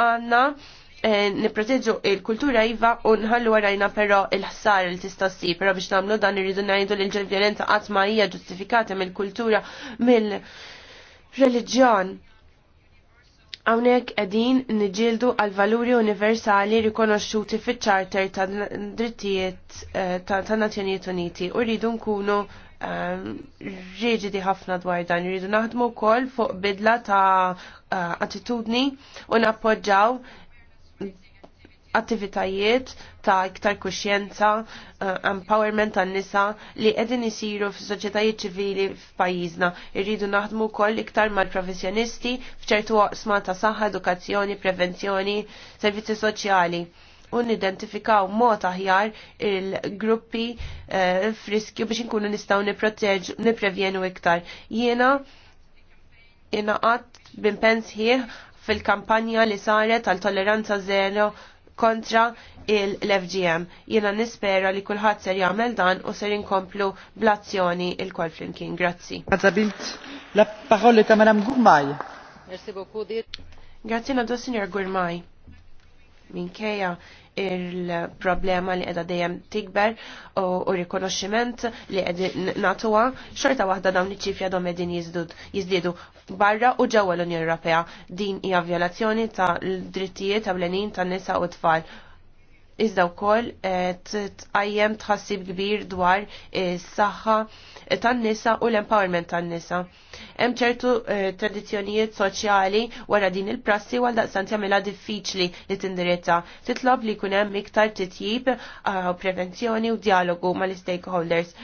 għanna eh, niprotezzu il-kultura jiva u nħallu għarajna pero il-ħsar il-tistassi, pero biex namlu dan irridu najdu li l-violenza għatma hija ġustifikata mill-kultura, mill reliġjon Hawnhekk qegħdin nġildu għal valuri universali rikonoxxuti fiċ-Charter eh, ta' drittijiet ta' Nazzjonijiet Uniti u rridu nkunu eh, riġidi ħafna dwar dan, rridu naħdmu wkoll fuq bidla ta' eh, attitudni u nappoġġaw attivitajiet ta' iktar kuxjenza, uh, empowerment tan nisa li edin isiru f soċetajiet ċivili f-pajizna. Irridu naħdmu koll iktar mal-professjonisti fċertu waqsma ta' saħħa, edukazzjoni, prevenzjoni, servizzi soċjali u nidentifikaw mod aħjar il-gruppi uh, eh, friski biex nkunu nistaw niprevjenu iktar. Jiena inaqat b'impens ħieħ fil-kampanja li saret għal tolleranza zero kontra il-FGM. Jena nispera li kullħat ser jagħmel dan u ser inkomplu blazzjoni il-kol flimkien. Grazzi. la parola ta' Madame Gourmay. Grazie beaucoup. Grazie, nadu Signor Gourmay minkejja il-problema li edha dejjem tikber u rikonoxximent li edha natuwa, xorta waħda dawn iċifja ċifri għadhom qegħdin jiżdiedu barra u ġewwa l-Unjoni Ewropea. Din hija violazzjoni ta' drittijiet ewlenin tan-nisa u tfal iżda wkoll eh, tqajjem tħassib kbir dwar is-saħħa eh, eh, tan-nisa u l-empowerment tan-nisa. Hemm ċertu tradizzjonijiet soċjali wara din il-prassi għal daqsan jagħmilha diffiċli li tindiretta. Titlob li jkun hemm iktar titjib prevenzjoni u dialogu mal-stakeholders.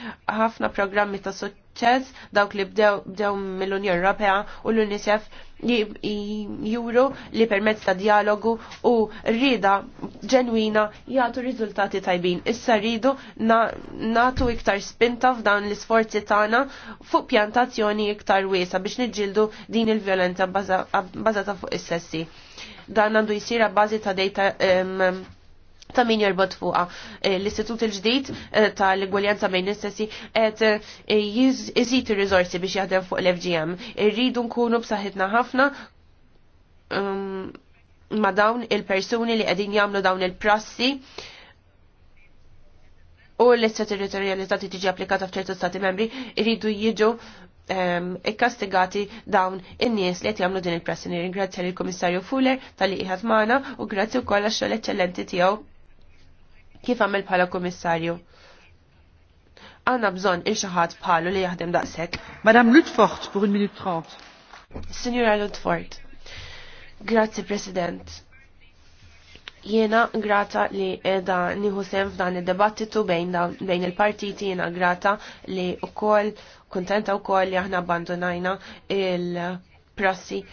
Ħafna programmi ta' ċez dawk li bdew mill-Unjoni Ewropea u l-UNICEF juru li permezz ta' dialogu u rrida ġenwina jagħtu riżultati tajbin. Issa rridu natu iktar spinta f'dan l-isforzi tagħna fuq pjantazzjoni iktar wiesa biex niġġildu din il-vjolenza bbażata fuq is-sessi. Dan għandu jsir bażi ta' data ta' min jorbot fuqa. Eh, l-istitut il-ġdid eh, tal-gwaljanza bejn nistessi qed eh, iżid ir-riżorsi biex jaħdem fuq l-FGM. Irridu nkunu b'saħħitna ħafna um, ma' dawn il-persuni li qegħdin jagħmlu dawn il-prassi u l-istraterritorialità tiġi applikata f'ċertu stati membri irridu jiġu ehm, ikkastigati dawn in-nies li qed jagħmlu din il-prassi. Nirringrazzja lill-Kummissarju Fuller tal-li qiegħed magħna u grazzi wkoll għax-xogħol eċċellenti tiegħu kif għamil bħala komissarju. Għanna bżon il-xaħat bħalu li jaħdem daqsek. Madame Lutfort, pour 1 minute 30. Signora Lutfort, grazzi President. Jena grata li edha nieħu sem f'dan id-debattitu bejn, bejn il-partiti, jena grata li u kol, kontenta u kol li aħna abbandonajna il-prassi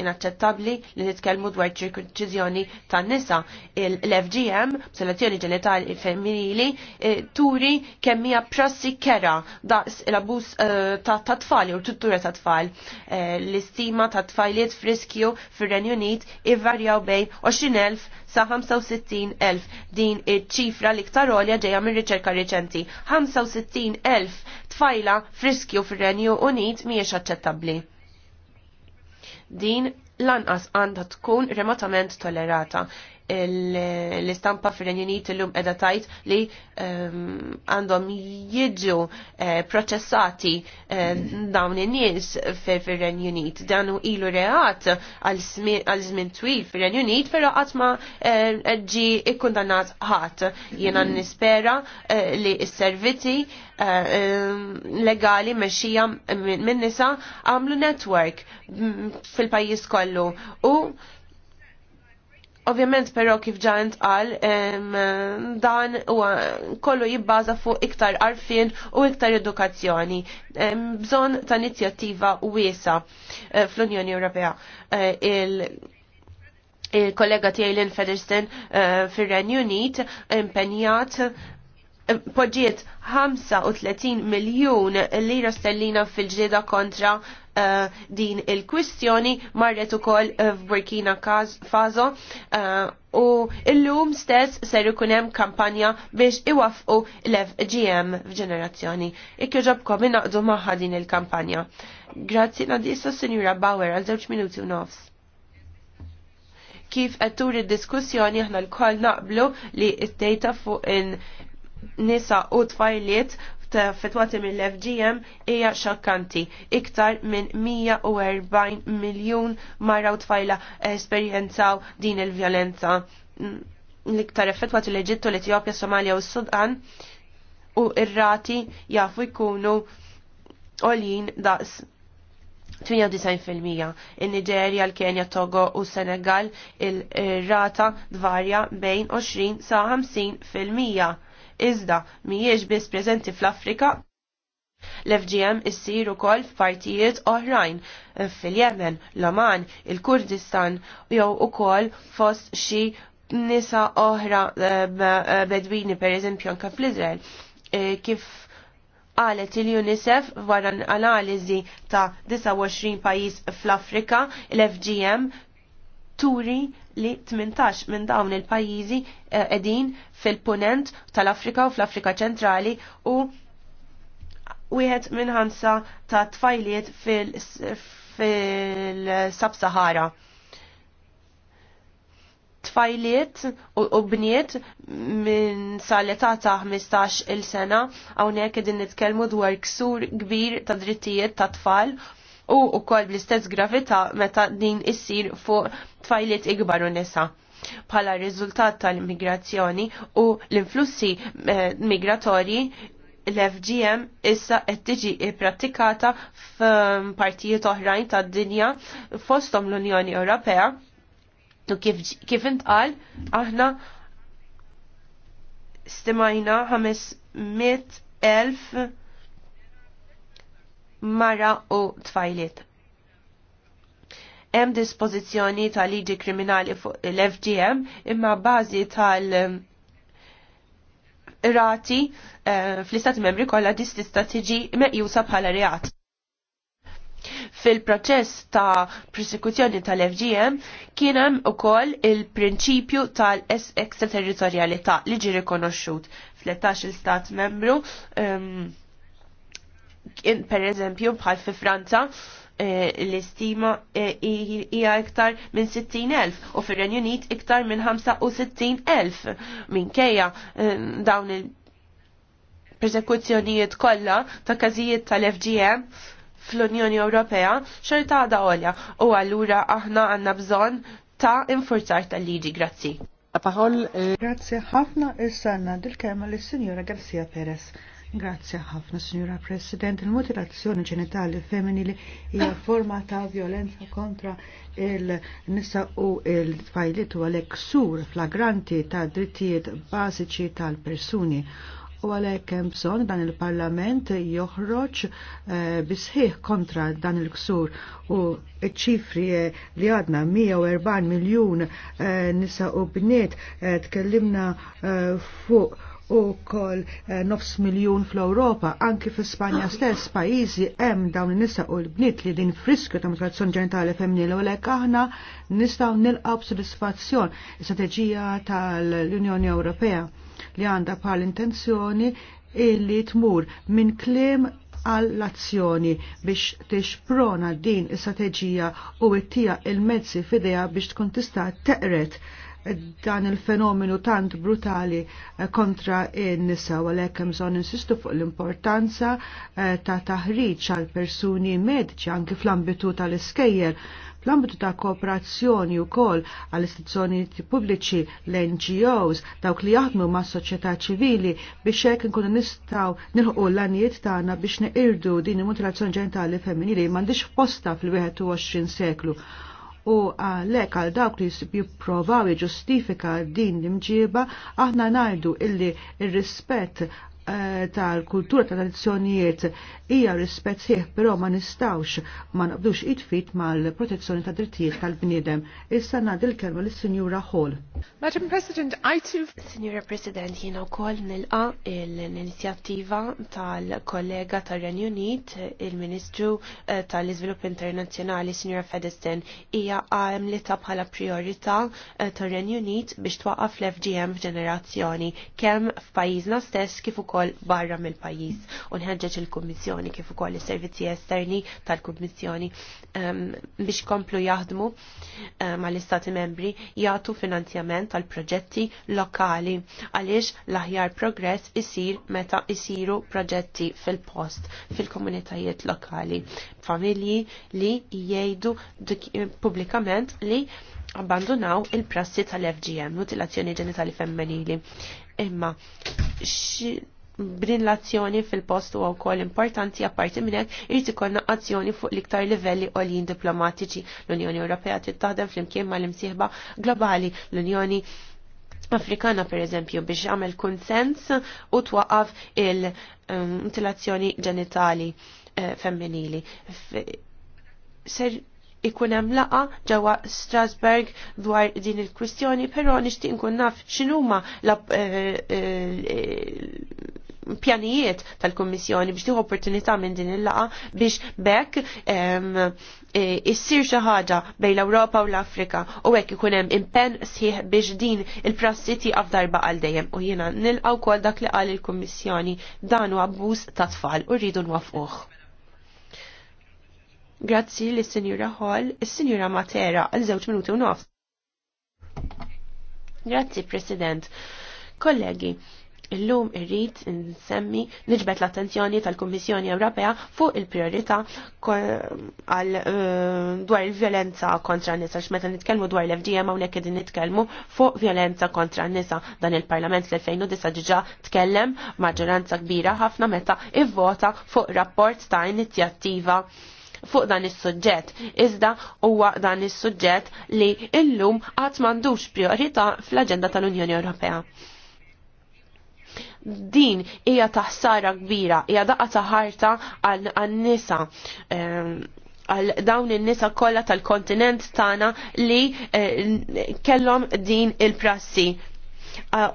inaċċettabbli li nitkellmu dwar ċirkunċiżjoni tan-nisa. l fgm selezzjoni ġenitali femminili, eh, turi kemm hija prassi kera daqs l abus eh, ta' tfal u tuttura ta' tfal. L-istima ta' tfajliet friskju fir-Renju Unit ivarjaw bejn 20,000 sa' 65,000 din iċ-ċifra li iktar olja ġejja minn riċerka reċenti. 65,000 tfajla friskju fir-Renju Unit mhijiex aċċettabbli din lanqas għandha tkun rematament tollerata l-istampa fil-Renjunit l-lum edha tajt li ehm, għandhom jidġu eh, proċessati eh, dawn in-nies fil-Renjunit. Dan u ilu reat għal żmien twil fil-Renjunit, pero għatma eh, ġi ikkundanat ħadd. Jena nispera li s-serviti ehm, legali meċxija minn nisa għamlu network mm, fil-pajis kollu u Ovvjament però kif ġant qal dan huwa kollu jibbaża fuq iktar arfien u iktar edukazzjoni. Bżonn ta' inizjattiva wiesa eh, fl-Unjoni Ewropea. Eh, il-kollega tiegħi Lynn Federston eh, fir renju Unit impenjat poġġiet 35 miljun lira stellina fil-ġlieda kontra uh, din il-kwistjoni marret ukoll eh, f'Burkina Faso uh, u illum stess ser ikun hemm kampanja biex iwafqu l-FGM f'ġenerazzjoni. Ikki ġobkom innaqdu magħha din il-kampanja. Grazzi nadisa senjura Bauer għal żewġ minuti u nofs kif qed tur id-diskussjoni aħna lkoll naqblu li d-data fuq in nisa u tfajliet fetwati mill-FGM hija xokkanti. Iktar minn 140 miljun marra u tfajla esperjenzaw din il-vjolenza. Mm, L-iktar effettwati l-Eġittu, l-Etjopja, Somalia u s-Sudan u irrati rati jafu jkunu olin daqs 98% in-Niġerja, l-Kenja, Togo u Senegal il-rata dvarja bejn 20 sa 50% iżda mhijiex biss preżenti fl-Afrika, L-FGM issir ukoll f'partijiet oħrajn fil-Yemen, l-Oman, il-Kurdistan jew ukoll fost xi nisa oħra eh, eh, bedwini per eżempju anka fl-Izrael. Eh, kif qalet il-UNICEF wara analiżi ta' 29 pajjiż fl-Afrika, l-FGM turi li 18 minn dawn il-pajjiżi eh, edin fil-punent tal-Afrika u fl-Afrika ċentrali u wieħed minn ħamsa ta' tfajliet fil-Sab-Sahara. Tfajliet u bniet minn sal-età ta' 15 il-sena hawnhekk qegħdin nitkellmu dwar ksur kbir ta' drittijiet ta' tfal u ukoll bl-istess gravità meta din issir fuq tfajliet ikbar u nisa pala riżultat tal-immigrazzjoni u l-influssi eh, migratorji l-FGM issa qed tiġi ippratikata f'partijiet oħrajn tad-dinja fosthom l-Unjoni Ewropea u kif, kif intqal aħna stimajna 500 elf mara u tfajliet. Hemm dispożizzjoni ta' liġi kriminali fuq l-FGM imma bażi tal- um, rati uh, fl-istati membri kollha distista tiġi meqjusa bħala reat fil-proċess ta' prosekuzzjoni tal-FGM kien hemm ukoll il-prinċipju tal-ex-extraterritorialità li ġi rikonoxxut fl-11 il-stat membru um, per eżempju bħal fi Franza eh, l-istima eh, hija iktar minn 60.000 u fir-Renju Unit iktar minn 65.000 minkejja eh, dawn il-persekuzzjonijiet kollha ta' każijiet tal-FGM fl-Unjoni Ewropea xorta għada għolja u għallura aħna għanna bżon ta' infurzar tal-liġi. Grazzi. Paħol. Grazzi ħafna is sanna dil-kemma l-Sinjora Garcia Perez. Grazie ħafna, Signora President. Il-mutilazzjoni ġenitali femminili hija forma ta' violenza kontra il-nisa u il-tfajlit u għalek sur flagranti ta' drittijiet bażiċi tal-persuni. U għalek hemm bżonn dan il-Parlament joħroġ eh, bisħiħ kontra dan il-ksur u ċifri eh, li għadna 140 miljun eh, nisa u bniet eh, tkellimna fuq u kol eh, nofs miljon fl-Europa, anki fl-Spanja stess, pajizi hemm dawn nisa u l-bnit li din friskju ta' mutilazzjoni ġenitali femminili u lek aħna nistaw nilqaw b'sodisfazzjon strateġija tal-Unjoni Ewropea li għanda bħal intenzjoni illi tmur minn klim għall-azzjoni biex tixprona din is-strateġija u t-tija il-mezzi fideja biex tkun tista' teqret dan il-fenomenu tant brutali eh, kontra n-nisa u għalhekk hemm bżonn insistu fuq l-importanza eh, ta' taħriġ għal persuni mediċi anke fl-ambitu tal-iskejjer fl-ambitu ta' kooperazzjoni u kol għal istituzzjoni pubbliċi l-NGOs dawk li jaħdmu ma' soċjetà ċivili biex hekk nkunu nistgħu nilħu l-għanijiet tagħna biex neqirdu din il-mutilazzjoni ġenitali femminili m'għandix posta fil-21 seklu u għalek għal dawk li jipprovaw jġustifika din l-imġiba aħna najdu illi il rispet Eh, tal-kultura ta' tradizzjonijiet hija rispett sieħ, però ma nistawx ma nabdux id-fit mal-protezzjoni ta' drittijiet tal-bniedem. Issa ngħaddi l-kelma lis-Sinjura Hall. Madam President, I too Sinjura President, jiena wkoll nilqa' l-inizjattiva tal-kollega tar-Renju Unit, il-Ministru eh, tal-Iżvilupp Internazzjonali Sinjura Fedestin hija għamlita bħala priorità eh, tar-Renju Unit biex twaqqaf l-FGM f'ġenerazzjoni kemm f'pajjiżna stess kif ukoll barra mill-pajjiż u nħeġġeġ il-Kummissjoni kif ukoll is-servizzi esterni tal-Kummissjoni ehm, biex komplu jaħdmu ehm, mal-Istati membri jagħtu finanzjament tal-proġetti lokali għaliex l-aħjar progress isir meta isiru proġetti fil-post fil-komunitajiet lokali. Familji li jgħidu pubblikament li abbandonaw il-prassi tal-FGM, mutilazzjoni ġenitali femminili. Imma, b'din l-azzjoni fil-post u wkoll importanti apparti minn hekk irid ikollna azzjoni fuq l-iktar livelli għoljin diplomatiċi. L-Unjoni Ewropea trid taħdem flimkien mal-imsieħba globali. L-Unjoni Afrikana per eżempju biex għamel konsens u twaqaf il-mutilazzjoni um, ġenitali eh, femminili. Ser ikun hemm laqa ġewwa Strasberg dwar din il-kwistjoni, però nixtieq nkun naf x'inhuma eh, eh, pjanijiet tal-Kommissjoni biex tieħu opportunità minn din il-laqa biex bekk eh, issir xi ħaġa bejn l-Ewropa u l-Afrika u hekk ikun hemm impenn sħiħ biex din il-prassi tieqaf darba għal dejjem u jiena nilqgħu wkoll dak li qal il-Kummissjoni dan huwa abbuż ta' tfal u rridu nwafquh. Grazzi li s-Sinjura Hall, s-Sinjura Matera, għal żewġ minuti u nofs. Grazzi, President. Kollegi, illum irrid nsemmi niġbet l-attenzjoni tal-Kummissjoni Ewropea fuq il-priorità għal eh, dwar il-violenza kontra n-nisa x'meta nitkellmu dwar l-FGM hawnhekk qegħdin nitkellmu fuq violenza kontra n-nisa dan il-Parlament l-2009 diġà tkellem maġġoranza kbira ħafna meta ivvota fuq rapport ta' inizjattiva fuq dan is-suġġett. Iżda huwa dan is-suġġett li illum qatt m'għandux priorità fl-aġenda tal-Unjoni Ewropea din hija taħsara kbira, hija daqa ħarta għal-nisa ehm, għal dawn in-nisa kollha tal-kontinent tagħna li eh, kellhom din il-prassi.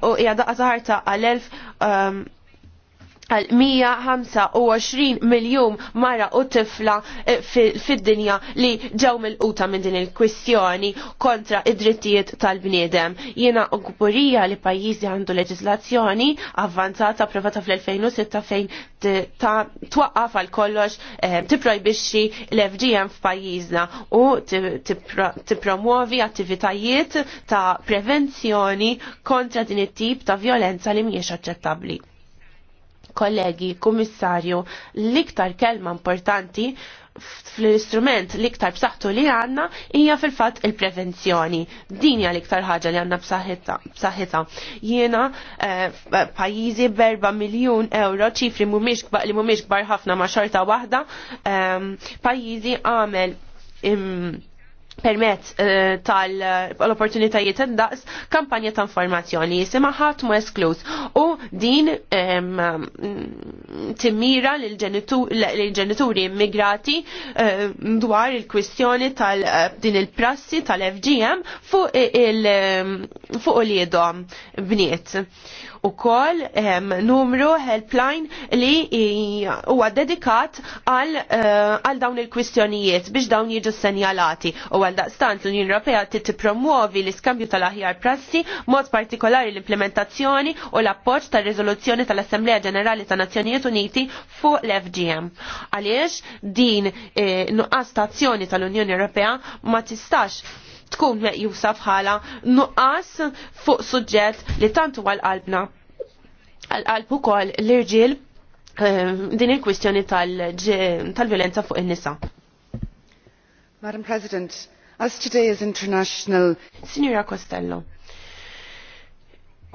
U hija daqa għal elf ehm, għal 125 miljon mara u tifla eh, fid-dinja li ġew mill-quta minn din il-kwistjoni kontra id-drittijiet tal-bniedem. Jiena gburija li pajjiżi għandu leġislazzjoni avvanzata provata fl-2006 fejn twaqqaf għal kollox eh, tipprojbixxi l-FGM f'pajjiżna u tippromuovi attivitajiet ta' prevenzjoni kontra din it-tip ta' violenza li mhijiex aċċettabbli kollegi, kummissarju, l-iktar kelma importanti fl-istrument l-iktar b'saħħtu li għanna hija fil-fatt il-prevenzjoni. Din hija l-iktar ħaġa li għandna b'saħħitha. Jiena eh, pajjiżi berba miljun euro ċifri mhumiex li mhumiex kbar ħafna ma' xorta waħda, ehm, pajjiżi għamel permezz uh, eh, tal-opportunitajiet eh, indaqs kampanja ta' informazzjoni jisima ħadd mu esklus u din um, timmira lill-ġenituri immigrati uh, dwar il-kwistjoni tal uh, din il-prassi tal-FGM fuq il fuq li bniet u koll ehm, numru helpline li huwa dedikat għal uh, dawn il-kwistjonijiet biex dawn jiġu senjalati u għal daqstant l-Unjoni Ewropea promuovi l-iskambju tal-aħjar prassi mod partikolari l-implementazzjoni u l-appoġġ tal-riżoluzzjoni tal-Assemblea Ġenerali ta' Nazzjonijiet Uniti fuq l-FGM. Għaliex din eh, nuqqas tal-Unjoni Ewropea ma tistax tkun meqjusa bħala nuqqas fuq suġġett li tantu għal-qalbna. Għal-qalb ukoll l-irġiel eh, din il-kwistjoni tal-violenza fuq in-nisa. Madam President, as today is International Signora Costello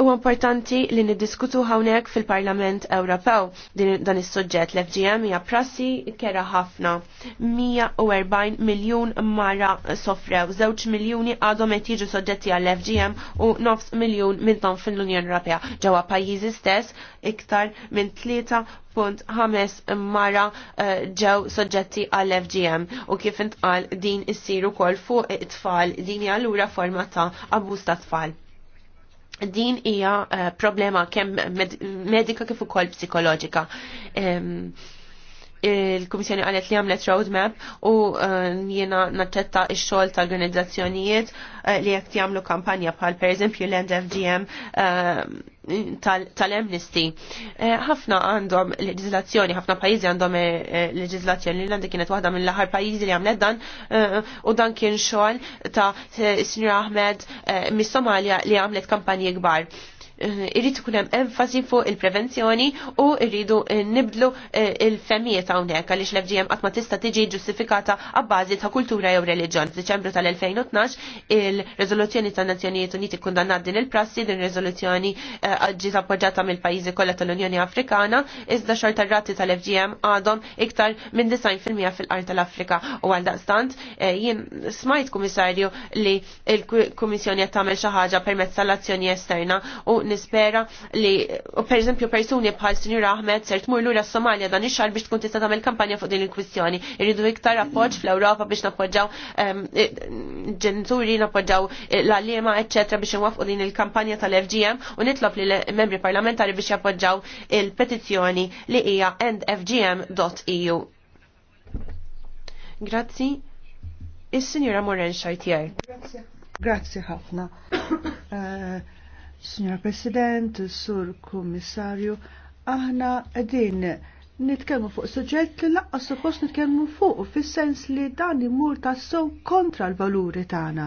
U importanti li niddiskutu hawnhekk fil-Parlament Ewropew dan is-suġġett l-FGM hija prassi kera ħafna. 140 miljun mara sofrew, 2 miljuni għadhom qed jiġu soġġetti għall fgm u 9 miljun minn minnhom fil-Unjoni Ewropea. Ġewwa pajjiżi stess iktar minn 3.5 mara eh, ġew soġġetti għall fgm u kif intqal din issir ukoll fuq it-tfal din hija lura forma ta' abbuż ta' tfal din hija eh, problema kemm medika kif ukoll psikoloġika. Um, il-Komissjoni għalet li għamlet roadmap u uh, jiena naċċetta ix-xogħol ta' organizzazzjonijiet uh, li jekk jagħmlu kampanja bħal pereżempju l-End FGM uh, tal-Amnesty. Ħafna għandhom leġiżlazzjoni, ħafna pajjiżi għandhom leġiżlazzjoni li għandi kienet waħda mill-aħħar pajjiżi li għamlet dan u dan kien xogħol ta' Sinjor Ahmed mis-Somalja li għamlet kampanji kbar. Eh, irrid ikun hemm enfasi fuq il-prevenzjoni u rridu eh, nibdlu eh, il-femijiet hawnhekk għaliex l-FGM qatt ma tista' tiġi ġustifikata għabbażi ta' kultura jew reliġjon. F'Diċembru tal-2012 il-Riżoluzzjoni tan-Nazzjonijiet Uniti kkundannat din il-prassi din riżoluzzjoni ġiet appoġġjata mill-pajjiżi kollha tal-Unjoni Afrikana iżda xorta rati tal-FGM għadhom iktar minn 90% fil-qar tal-Afrika u għal daqstant jien smajt kummissarju li l kummissjoni qed tagħmel xi ħaġa permezz tal-azzjoni esterna u nispera li per eżempju persuni bħal Sinjur Ahmed ser tmur lura Somalia dan ix-xar biex tkun tista' tagħmel kampanja fuq din il-kwistjoni. Irridu iktar appoġġ fl-Ewropa biex nappoġġaw ehm, e, ġenituri nappoġġaw e, l-għaliema eċċetra biex inwafqu din il-kampanja tal-FGM u nitlob li membri parlamentari biex jappoġġaw il-petizzjoni li hija endfgm.eu. Grazzi. Is-Sinjura Moren Xajtjer. Grazzi. Grazzi ħafna. Eh, Signor President, Sur Kommissarju, aħna qegħdin nitkellmu fuq suġġett li laqqas suppost nitkellmu fuq fis-sens li dan imur tassew kontra l-valuri tagħna.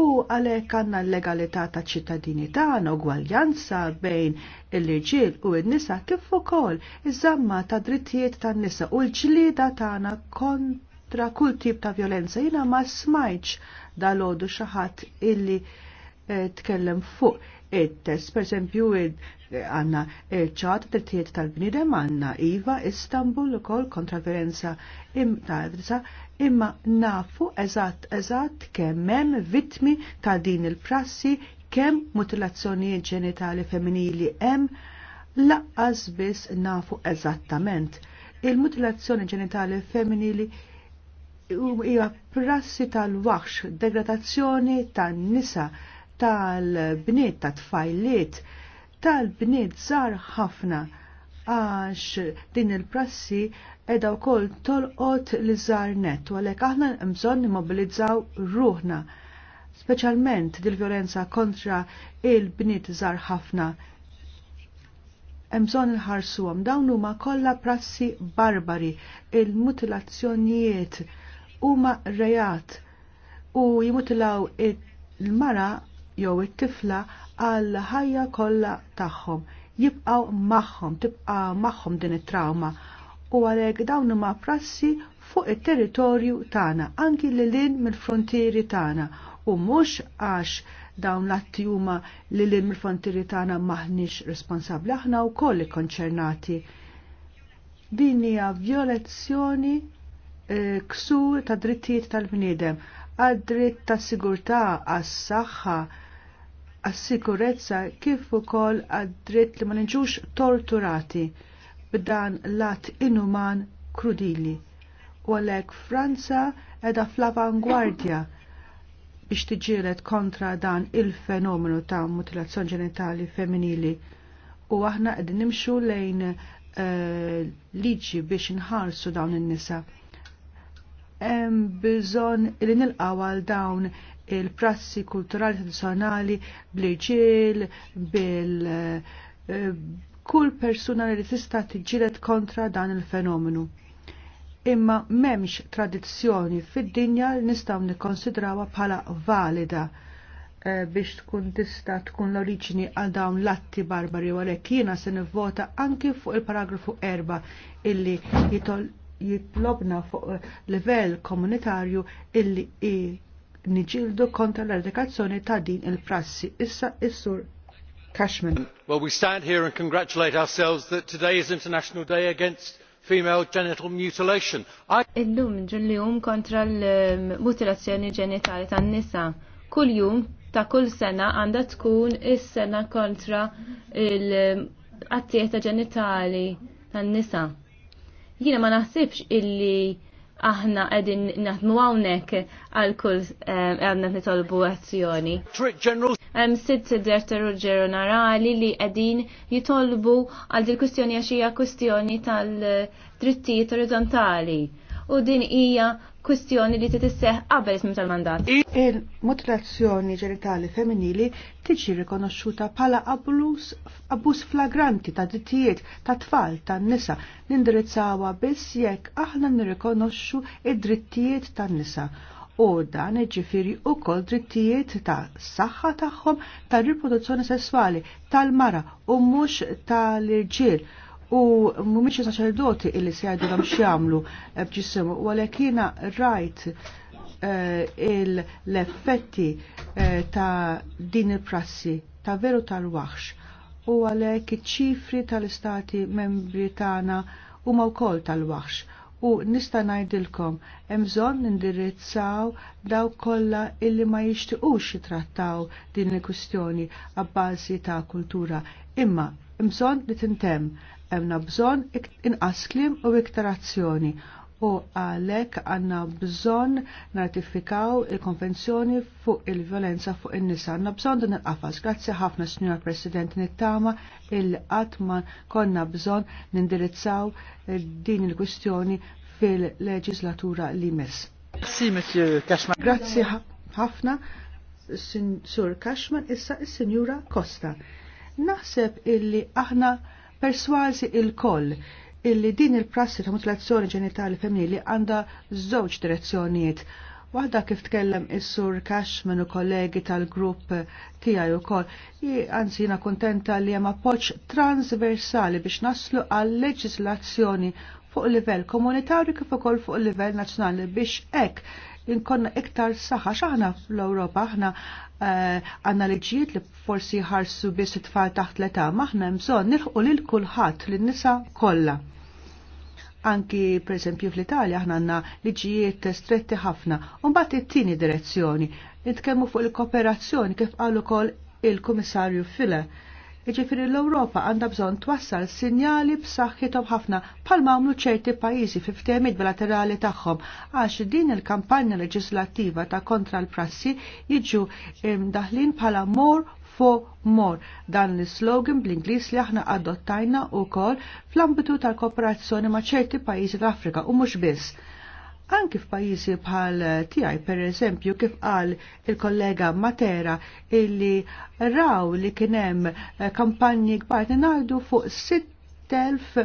U għalhekk għandna l-legalità taċ ċittadini tagħna ugwaljanza bejn il liġiel u n-nisa kif ukoll iż-żamma ta' drittijiet tan-nisa u l-ġlieda tagħna kontra kull tip ta' violenza. Jiena ma smajtx dalodu xi ħadd illi eh, tkellem fuq it-test, per esempio, għanna eh, ċat t-tiet tal-bnidem għanna IVA, Istanbul, u kol kontraverenza imma nafu eżatt eżatt kemmem vitmi ta' din il-prassi kemm mutilazzjoni ġenitali femminili hemm laqqas biss nafu eżattament. Il-mutilazzjoni ġenitali femminili hija prassi tal-waħx, degradazzjoni tan-nisa, tal-bniet ta' tfajliet tal-bniet żar ħafna għax din il-prassi edha wkoll tolqot li żar net u għalhekk aħna bżonn nimmobilizzaw ruħna speċjalment dil-violenza kontra il-bniet żar ħafna emżon nħarsuhom dawn huma kollha prassi barbari, il-mutilazzjonijiet huma rejat u jimutilaw il-mara jew it-tifla għal ħajja kollha tagħhom. Jibqgħu magħhom, tibqa' magħhom din it-trauma. U għalhekk dawn huma prassi fuq it-territorju tagħna, anki li lin mill-frontieri tagħna. U mhux għax dawn l-atti huma li lin mill-frontieri tagħna maħniex responsabbli aħna wkoll ikkonċernati. Din hija violazzjoni eh, ksur ta' drittijiet tal-bniedem, għad-dritt ta' sigurtà, għas-saħħa, għas-sikurezza kif ukoll għad-dritt li ma niġux torturati b'dan lat inuman krudili. U għalhekk Franza edha fl-avangwardja biex tiġielet kontra dan il-fenomenu ta' mutilazzjoni ġenitali femminili. U aħna qegħdin nimxu lejn uh, liġi biex nħarsu dawn in-nisa. Hemm bżonn li nilqgħu għal dawn il-prassi kulturali tradizjonali bl-irġiel, bil eh, kull persuna li tista' tiġilet kontra dan il-fenomenu. Imma m'hemmx tradizzjoni fid-dinja li nistgħu nikkonsidrawha bħala valida eh, biex tkun tista tkun l-oriġini għal dawn l-atti barbari u għalhekk jiena se nivvota anki fuq il-paragrafu 4 illi jitlobna fuq eh, livell komunitarju illi niġildu kontra l erdikazzjoni ta' din il-prassi. Issa is-sur Cashman. Well, we stand here and congratulate ourselves that today is International Day Against Female Genital Mutilation. Illum ġuljum kontra l-mutilazzjoni ġenitali tan-nisa. Kull jum ta' kull sena għandha tkun is-sena kontra l-attieta ġenitali tan-nisa. Jiena ma naħsibx illi aħna għedin naħdmu għawnek għal kull eh, għadna nitolbu azzjoni. Hemm sitt direttoru ġenerali li qegħdin jitolbu għal dil kwistjoni għax hija kwistjoni tal-drittijiet orizzontali. U din hija kwistjoni li titisseħ qabel isem tal-mandat. Il-mutilazzjoni ġenitali femminili tiġi rikonoxxuta bħala abbuż flagranti ta' dittijiet ta' tfal tan nisa nindirizzawa biss jekk aħna nirrikonoxxu id-drittijiet tan nisa u dan iġifiri u kol drittijiet ta' saħħa tagħhom ta', ta riproduzzjoni sessuali tal-mara u mhux tal-irġiel u mhumiex saċerdoti illi se jgħidulhom x'jamlu eh, bġisimu, u għalhekk rajt eh, l-effetti eh, ta' din il-prassi ta' veru tal-waħx u għalhekk iċ-ċifri tal-istati membri tagħna huma wkoll tal-waħx u nista' ngħidilkom hemm bżonn nindirizzaw daw kollha illi ma jixtiequx jitrattaw din il-kwistjoni għabbażi ta' kultura imma bżonn li tintemm Hemmna bżonn inqas kliem u iktar azzjoni u għalek għanna bżon nartifikaw il-konvenzjoni fuq il-violenza fuq il-nisa. Għanna bżon din il-qafas. Grazzi ħafna, Signor President, nittama il-qatma konna bżon nindirizzaw eh, din il-kwistjoni fil-leġislatura li mis. Grazzi, Grazzi ħafna, Sur Cashman, issa il-Signora Costa. Naħseb illi aħna Perswasi il-koll illi din il-prassi ta' mutilazzjoni ġenitali femminili għandha żewġ direzzjonijiet. Waħda kif tkellem is-sur Cashman u kollegi tal-grupp tiegħi wkoll, anzi jiena kontenta li hemm appoġġ transversali biex naslu għal leġislazzjoni fuq livell komunitarju kif ukoll fuq livell nazzjonali biex hekk inkonna iktar saħħa xaħna fl-Ewropa aħna eh, għanna uh, liġijiet li forsi ħarsu biss it-tfal taħt l-età maħna bżonn nilħu lil kulħadd lin-nisa kollha. Anki per fl-Italja aħna għandna liġijiet stretti ħafna. u mbagħad it-tieni direzzjoni. Nitkellmu fuq il-kooperazzjoni kif qal ukoll il-Kummissarju File Iġifiri l-Europa għanda bżon twassal sinjali b'saħħithom ħafna palma għamlu ċerti pajjiżi fi ftehmiet bilaterali tagħhom għax din il-kampanja leġislattiva ta' kontra l-prassi jiġu daħlin bħala mor for more. Dan l-slogan bl-Inglis li aħna adottajna u kol fl-ambitu tal-kooperazzjoni ma' ċerti pajjiżi tal-Afrika u mhux biss Anki f'pajjiżi bħal tiegħi pereżempju kif qal il-kollega Matera illi raw li kien hemm eh, kampanji kbar ngħidu fuq 6000 eh,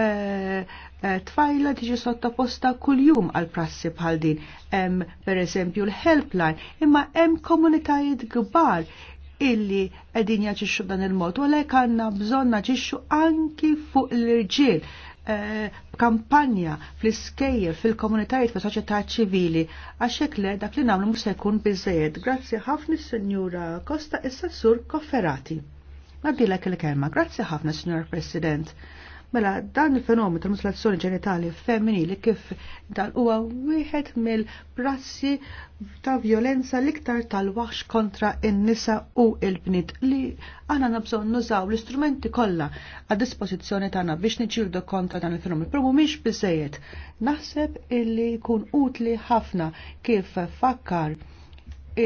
eh, tfajla tiġi sottoposta kuljum għal prassi bħal din. Hemm pereżempju l-helpline, imma hemm komunitajiet kbar illi qegħdin jaġixxu dan il-mod, u għalhekk għandna bżonn naġixxu anki fuq l-irġiel Eh, kampanja fl-iskejjel fil-komunitajiet fis soċjetà ċivili għax hekk le dak li nagħmlu mhux se jkun biżejjed. Grazzi ħafna Sinjura Costa issa sur Kofferati. Nadilek il-kelma. Grazzi ħafna, Sinjur President. Mela, dan il fenomen tal-mutilazzjoni ġenitali femminili kif dan huwa wieħed mill-prassi ta' violenza l-iktar tal-waħx kontra in-nisa u l-bnit li għana nabżon nużaw l-istrumenti kollha għad dispożizzjoni tagħna biex niġġieldu kontra dan il fenomen Promu mhix biżejjed. Naħseb illi jkun utli ħafna kif fakkar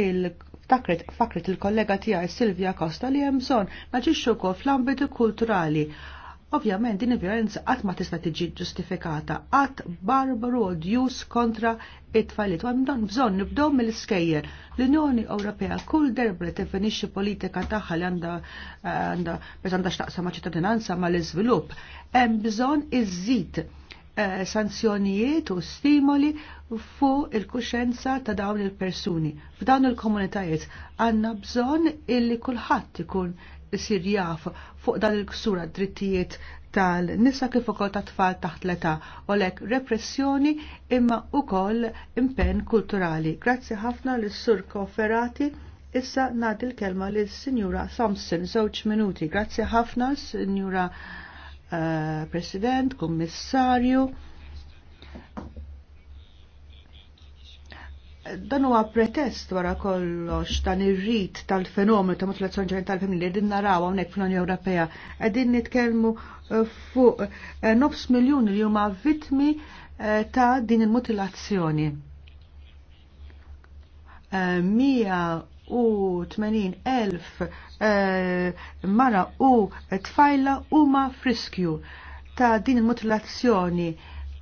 il- Takret, fakret il-kollega tiegħi Silvia Costa li hemm bżonn naġixxu wkoll fl-ambitu kulturali Ovvjament din il-violenza qatt ma tista' tiġi ġustifikata, qatt barbaru odjus kontra it-tfajlit. U għandhom bżonn nibdew mill-iskejjer. L-Unjoni Ewropea kull darba tifinixxi politika tagħha li għandha għandha biex għandha x'taqsam ma' ċittadinanza mal iżvilupp hemm bżonn iżżid eh, sanzjonijiet u stimoli fuq il-kuxenza ta' dawn il-persuni. F'dawn il-komunitajiet għanna bżon illi kulħadd ikun isir jaf fuq dan il-ksura drittijiet tal-nisa kif ukoll ta' tfal taħt l-età u lek repressjoni imma ukoll impenn kulturali. Grazzi ħafna lis sur Koferati. Issa nadil l-kelma lil sinjura Thompson, żewġ minuti. Grazzi ħafna, Sinjura uh, President, Kummissarju dan huwa pretest wara kollox dan ir-rit tal-fenomenu ta' mutilazzjoni ġenitali femminili qegħdin naraw hawnhekk fl-Unjoni Ewropea. Qegħdin nitkellmu eh, fuq eh, nofs miljun li huma vittmi eh, ta' din il-mutilazzjoni. 180 elf mara u tfajla huma friskju ta' din il-mutilazzjoni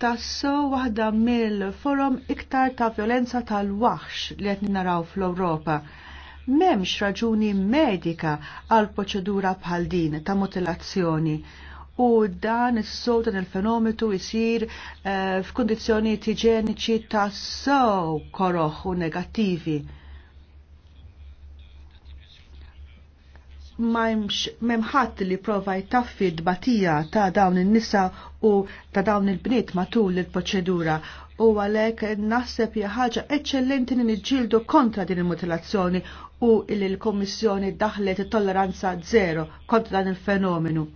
tasso waħda mill-forum iktar ta' violenza tal-waħx li qed naraw fl-Ewropa. M'hemmx raġuni medika għal proċedura bħal din ta' mutilazzjoni u dan is-sow dan il fenomenu jisir eh, f'kundizzjonijiet iġeniċi ta' sow koroħ u negattivi memħat li prova jtaffi d-batija ta' dawn il-nisa u ta' dawn il-bniet matul il-proċedura u għalek naħseb ħaġa eccellenti li nġildu kontra din il-mutilazzjoni u il-Komissjoni daħlet il-tolleranza zero kontra dan il-fenomenu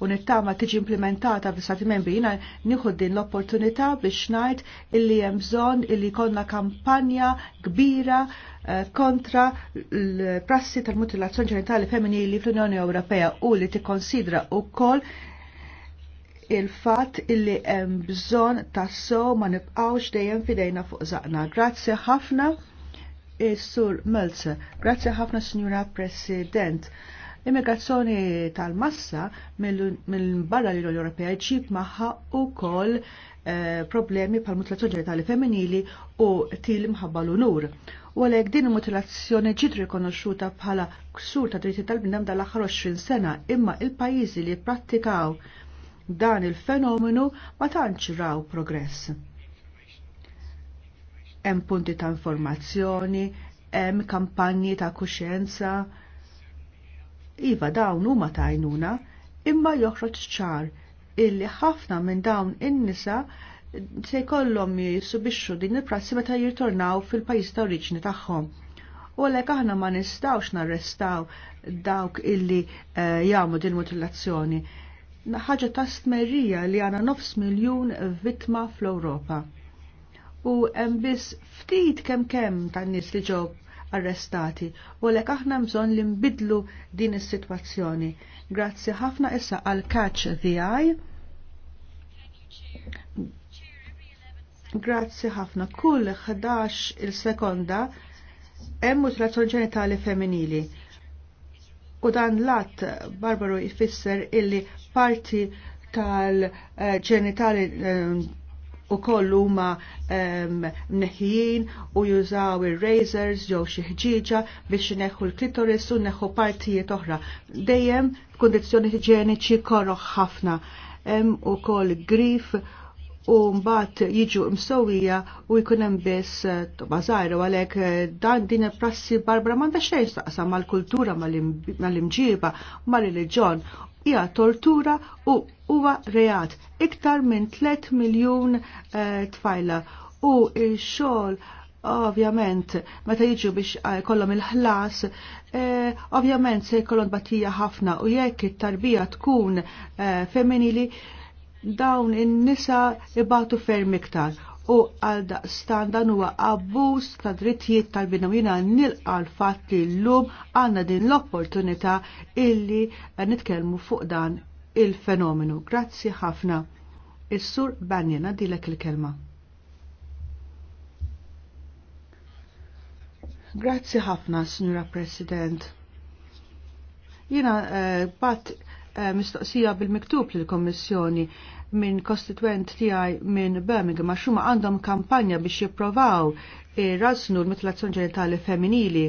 u nittama tiġi implementata fi stati membri jina nieħu din l-opportunità biex ngħid illi hemm bżonn illi jkollna kampanja kbira eh, kontra l-prassi tal-mutilazzjoni ġenitali femminili fl-Unjoni Ewropea u li tikkonsidra wkoll il-fat illi hemm bżonn tassew ma nibqgħux dejjem fidejna fuq zaqna. Grazzi ħafna is-Sur eh, Melzer. Grazzi ħafna Signora President. L-immigrazzjoni tal-massa mill barra l-Unjoni Ewropea ġib magħha wkoll eh, problemi pal mutilazzjoni ġenitali femminili u til mħabba l-unur. U għalhekk din il-mutilazzjoni ġiet rikonoxxuta bħala ksur ta' dritti tal-bnedem dal-aħħar 20 sena, imma il-pajjiżi li pprattikaw dan il-fenomenu ma tantx raw progress. Hemm punti ta' informazzjoni, hemm kampanji ta' kuxjenza, Iva dawn huma ta' għajnuna, imma joħroġ ċar illi ħafna minn dawn in-nisa se jkollhom jisubixxu din il-prassi meta jirtornaw fil-pajjiż ta' oriġini tagħhom. U għalhekk aħna ma nistgħux narrestaw dawk illi eh, jagħmlu din mutilazzjoni. Ħaġa ta' stmerrija li għandna nofs miljun vittma fl-Ewropa. U hemm biss ftit kemm kemm tan-nies li ġew arrestati u lek aħna mżon li mbidlu din is-sitwazzjoni. Grazzi ħafna issa għal catch the eye. Grazzi ħafna. Kull 11 il-sekonda hemm mutilazzjoni ġenitali femminili. U dan l-att barbaru jfisser illi parti tal-ġenitali eh, u kollu ma mneħjien u jużaw il-razors ġew xi ħġieġa biex neħu l-klitoris u neħu partijiet oħra. Dejjem f'kundizzjoni ġeniċi korroħ ħafna. Hemm ukoll grif u mbagħad jiġu msowija u jkun hemm biss bazajru eh, għalhekk eh, dan din il-prassi barbara m'għandha xejn staqsam mal-kultura mal-imġiba mal-reliġjon hija tortura u huwa reat iktar minn 3 miljun eh, tfajla u x-xogħol ovvjament meta jiġu biex kollhom il-ħlas ovvjament se jkollhom batija ħafna u jekk it-tarbija tkun femminili dawn in-nisa ibatu ferm iktar u għal daqstan dan huwa abbuż ta' drittijiet tal-binawina nilqa l-fatt li l-lum għandna din l-opportunità illi nitkellmu fuq dan il-fenomenu. Grazzi ħafna. Is-sur Banjena dilek il-kelma. Grazzi ħafna, Signora President. Jina uh, bat Eh, mistoqsija bil-miktub lill-Kommissjoni minn kostituent tiegħi minn Birmingham ma huma għandhom kampanja biex jipprovaw irraznu l-mutilazzjoni ġenitali femminili.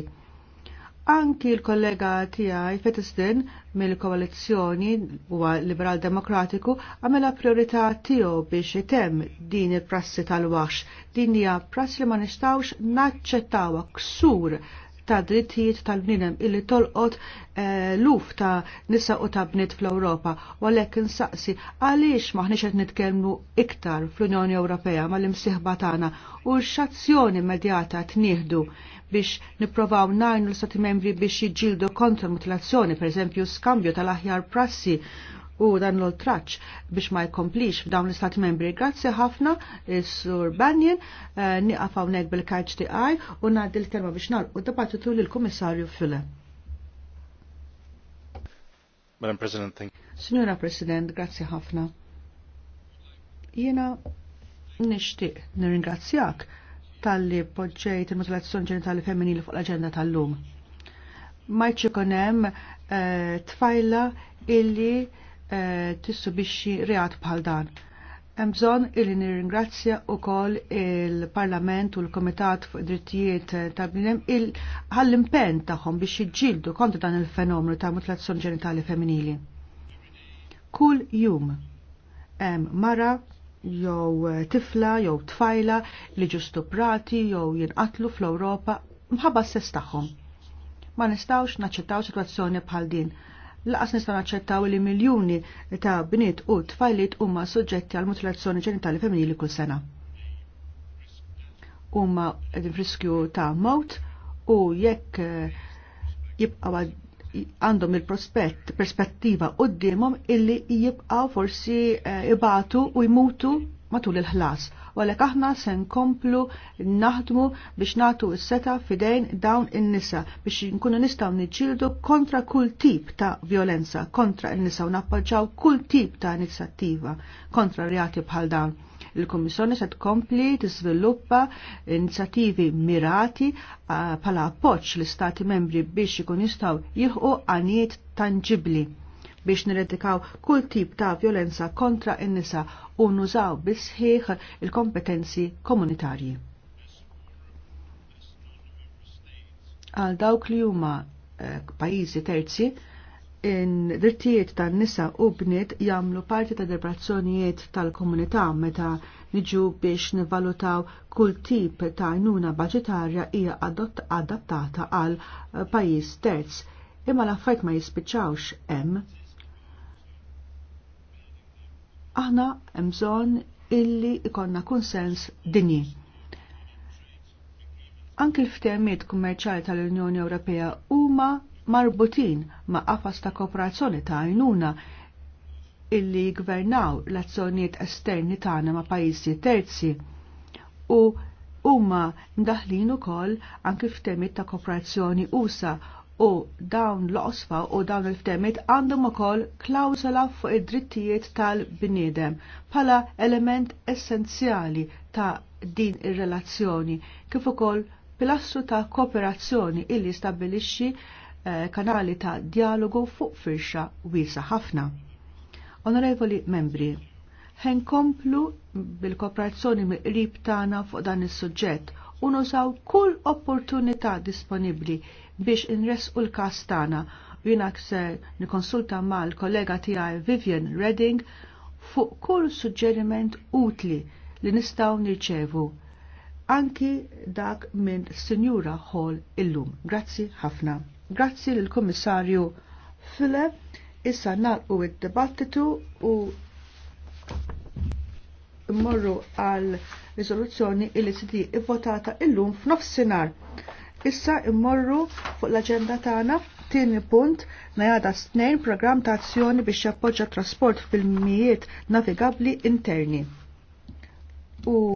Anki l-kollega tiegħi Fetisden mill-Koalizzjoni huwa Liberal Demokratiku għamela priorità tiegħu biex jitem din il-prassi tal-wax. Din hija prassi li ma nistawx naċċettawha ksur ta' drittijiet tal-bnidem illi tolqot eh, luf ta' nisa u ta' bnid fl-Ewropa. U għalhekk insaqsi għaliex maħniex qed nitkellmu iktar fl-Unjoni Ewropea mal-imsieħba tagħna u x-azzjoni immedjata tnieħdu biex niprovaw najnu l-Stati membri biex jiġġieldu kontra mutilazzjoni, per eżempju skambju tal-aħjar prassi u dan l traċ biex ma jkomplix f'dawn l-Istat membri. Grazzi ħafna eh, sur Banjen, eh, niqafaw hawnhekk bil khti u naddi l-kelma biex nagħlqu d-dibattitu lill-Kummissarju Fille. Madam President, thank you. Signora President, grazzi ħafna. Jena nishtiq nirringrazzjak tal-li poġġejt il-mutilazzjoni ġenitali femminili fuq l-agenda tal-lum. Majċi konem eh, tfajla illi Eh, tissubixxi reat bħal dan. Hemm bżonn illi nirringrazzja wkoll il-Parlament u l-Komitat fuq drittijiet ta' bniedem għall-impenn tagħhom biex jiġġieldu kontra dan il-fenomenu ta' mutilazzjoni ġenitali femminili. Kull jum hemm mara jew tifla jew tfajla li ġustu prati jew jinqatlu fl-Ewropa mħabba s-sess tagħhom. Ma nistgħux naċċettaw sitwazzjoni bħal din laqas nistan naċċettaw li miljuni ta' bniet u tfajliet huma suġġetti għal mutilazzjoni ġenitali femminili kull sena. Huma qegħdin friskju ta' mowt u jekk eh, jibqgħu għandhom il-prospett, perspettiva d-dimom illi jibqgħu forsi eh, ibatu u jmutu matul il-ħlas u aħna se nkomplu naħdmu biex nagħtu s-seta fidejn dawn in-nisa biex nkunu nistgħu niġġieldu kontra kull tip ta' violenza kontra n-nisa u nappoġġaw kull tip ta' inizjattiva kontra reati bħal dawn il-Kommissjoni se tkompli tiżviluppa inizjattivi mirati ah, bħala appoġġ l istati membri biex ikun jistgħu jilħqu għanijiet tangibbli biex niredikaw kull tip ta' violenza kontra n nisa u nużaw bisħiħ il-kompetenzi komunitarji. Għal dawk li huma eh, pajjiżi terzi, in drittijiet tan nisa u bniet jagħmlu parti ta' debrazzjonijiet tal-komunità meta niġu biex nivalutaw kull tip ta' għajnuna baġitarja hija adattata għal eh, pajjiż terz imma l-affajt ma jispiċċawx hemm aħna mżon illi ikonna konsens dinji. Anki l-ftehmiet kummerċali tal-Unjoni Ewropea huma marbutin ma' qafas ta' kooperazzjoni ta' għajnuna illi jgvernaw l-azzjonijiet esterni tagħna ma' pajjiżi terzi u huma ndaħlin ukoll anke f'temiet ta' kooperazzjoni USA u dawn l-osfa u dawn il-ftemit għandhom ukoll klawsola fuq id-drittijiet tal-bniedem bħala element essenzjali ta' din ir-relazzjoni kif ukoll pilastru ta' kooperazzjoni illi stabbilixxi eh, kanali ta' dialogu fuq firxa wiesa ħafna. Onorevoli membri, ħenkomplu bil-kooperazzjoni mill-qrib tagħna fuq dan is-suġġett u nużaw kull opportunità disponibbli biex inresqu l-kas tagħna. Jiena se nikonsulta mal-kollega tiegħi Vivian Redding fuq kull suġġeriment utli li nistgħu nirċevu anki dak minn Sinjura Hall illum. Grazzi ħafna. Grazzi lill kummissarju File, issa nalqu id-dibattitu u mmorru għal riżoluzzjoni illi sidi votata illum f'nofsinhar. Issa immorru fuq l-agenda tagħna tieni punt ngħada snejn programm ta' azzjoni biex jappoġġa trasport fil-mijiet navigabbli interni. U